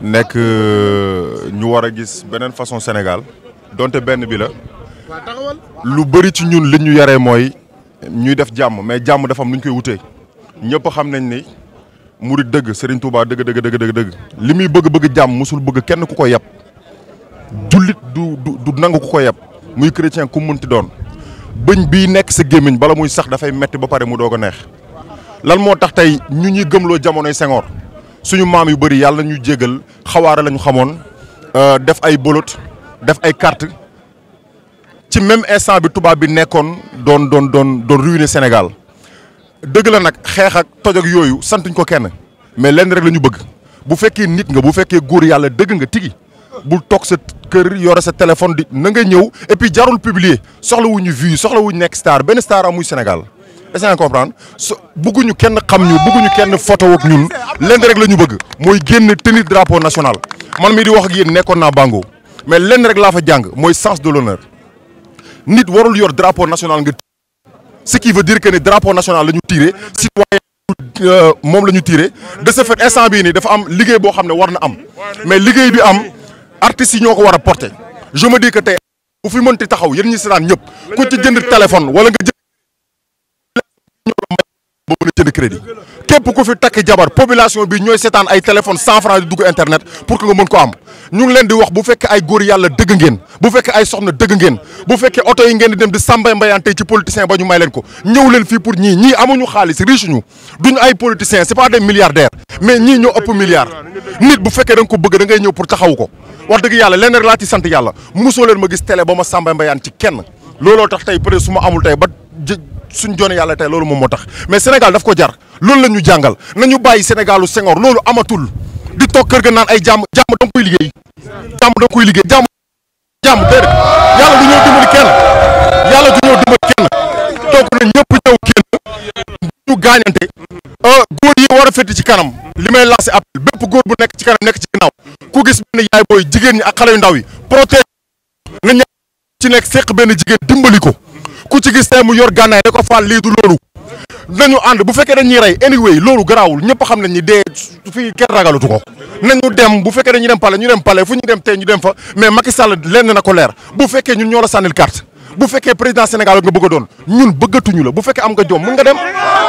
nekk euh, ñu war a gis beneen façon Sénégal donte benn bi la lu bëri ci ñun li ñu yaree mooy ñuy def jàmm mais jàmm dafa am lu ñu koy wutee ñëpp xam nañ ni mu di dëgg sëriñ Touba dëgg dëgg dëgg li muy bëgg-bëgg jàmm mosul bëgg kenn ku ko yab jullit du du du nangu ku ko yab muy chrétien ku mënti doon bëñ bii nekk sa gémmiñ bala muy sax dafay metti ba pare mu doog a neex lan moo tax tey ñu ñuy gëmloo jamonoy sengoor suñu maam yu bëri yàlla ñu jégal xawaare lañu ñu xamoon euh, def ay bolot def ay carte ci même instant bi tubaab bi nekkoon doon doon doon doon ruiner Sénégal dëgg la nag xeex ak toj ak yooyu santuñ ko kenn mais lenn rek la ñu bëgg bu fekkee nit nga bu fekkee góor yàlla dëgg nga tigi bul toog sa kër yore sa téléphone di na nga ñëw et puis jarul publier soxla wu ñu soxla wu nekk star benn star amuy Sénégal est-ce que comprendre so bugguñu kenn xam ñu bugguñu kenn photo ak ñun lenn rek la ñu bëgg mooy génn tenir drapeau national man mii di wax ak yéen nekkoon naa Bango mais lenn rek laa fa jàng mooy sens de l'honneur nit warul yor drapeau national nga ce qui veut dire que ne drapeau national la ñu tiré citoyen euh, moom la ñu tiré de ce fait instant bii nii dafa am liggéey boo xam ne war na am mais liggéey bi am artistes yi ñoo ko war a porter je me dis que tey bu fi mënti taxaw yéen ñi seetaan ñëpp ku ci jënd téléphone wala nga jënd ba képp ku fi takk jabar population bi ñooy seetaan ay téléphone cent franc di dugg internet pour que nga mën ko am ñu leen di wax bu fekkee ay góor yàlla dëgg ngeen bu fekkee ay soxna dëgg ngeen bu fekkee oto yi ngeen di dem di sàmbay mbayante ci politicien ba ñu may leen ko ñëw leen fii pour ñii ñii amuñu xaalis riche ñu duñu ay politicien c'est pas des milliardaires mais ñii ñoo ëpp milliard nit bu fekkee da ko bëgg da ngay ñëw pour taxaw ko wax dëgg leen rek laa ci sant yàlla leen ma gis télé ba ma sàmbay mbayaan ci kenn looloo tax tey peut-être su suñ joone yàlla tey loolu moom moo tax mais Sénégal daf ko jar loolu la ñu jàngal nañu bàyyi Sénégalu sengoor loolu amatul di toog kër ga naan ay jàmm jàmm danga koy liggéey jàmm danga koy liggéey jàmm jàmm déedéet yàlla du ñëw dimbali kenn yàlla du ñëw dimbali kenn toog na ñëpp ñëw kenn ñu gaañante euh, góor yi war a fétti ci kanam li may si appel bépp góor bu nekk ci kanam nekk ci ginnaaw ku gis benn yaay booy jigéen ñi ak xale yu ndaw yi protéger na ña ci nekk seq benn jigéen dimbali ko ku ci gis tey mu yor gànnaay da ko faal lii du loolu nañu ànd bu fekkee dañuy rey anyway loolu garaawul ñëpp xam nañ ni dee fii kenn ragalatu ko nañu dem bu fekkee dañuy dem pale ñu dem pale fu ñu dem tey ñu dem fa mais Macky Sall lenn na ko leer bu fekkee ñun ñoo la sànnil carte bu fekkee président Sénégal nga bëgg doon ñun bëggatuñu la bu fekkee am nga jom mën nga dem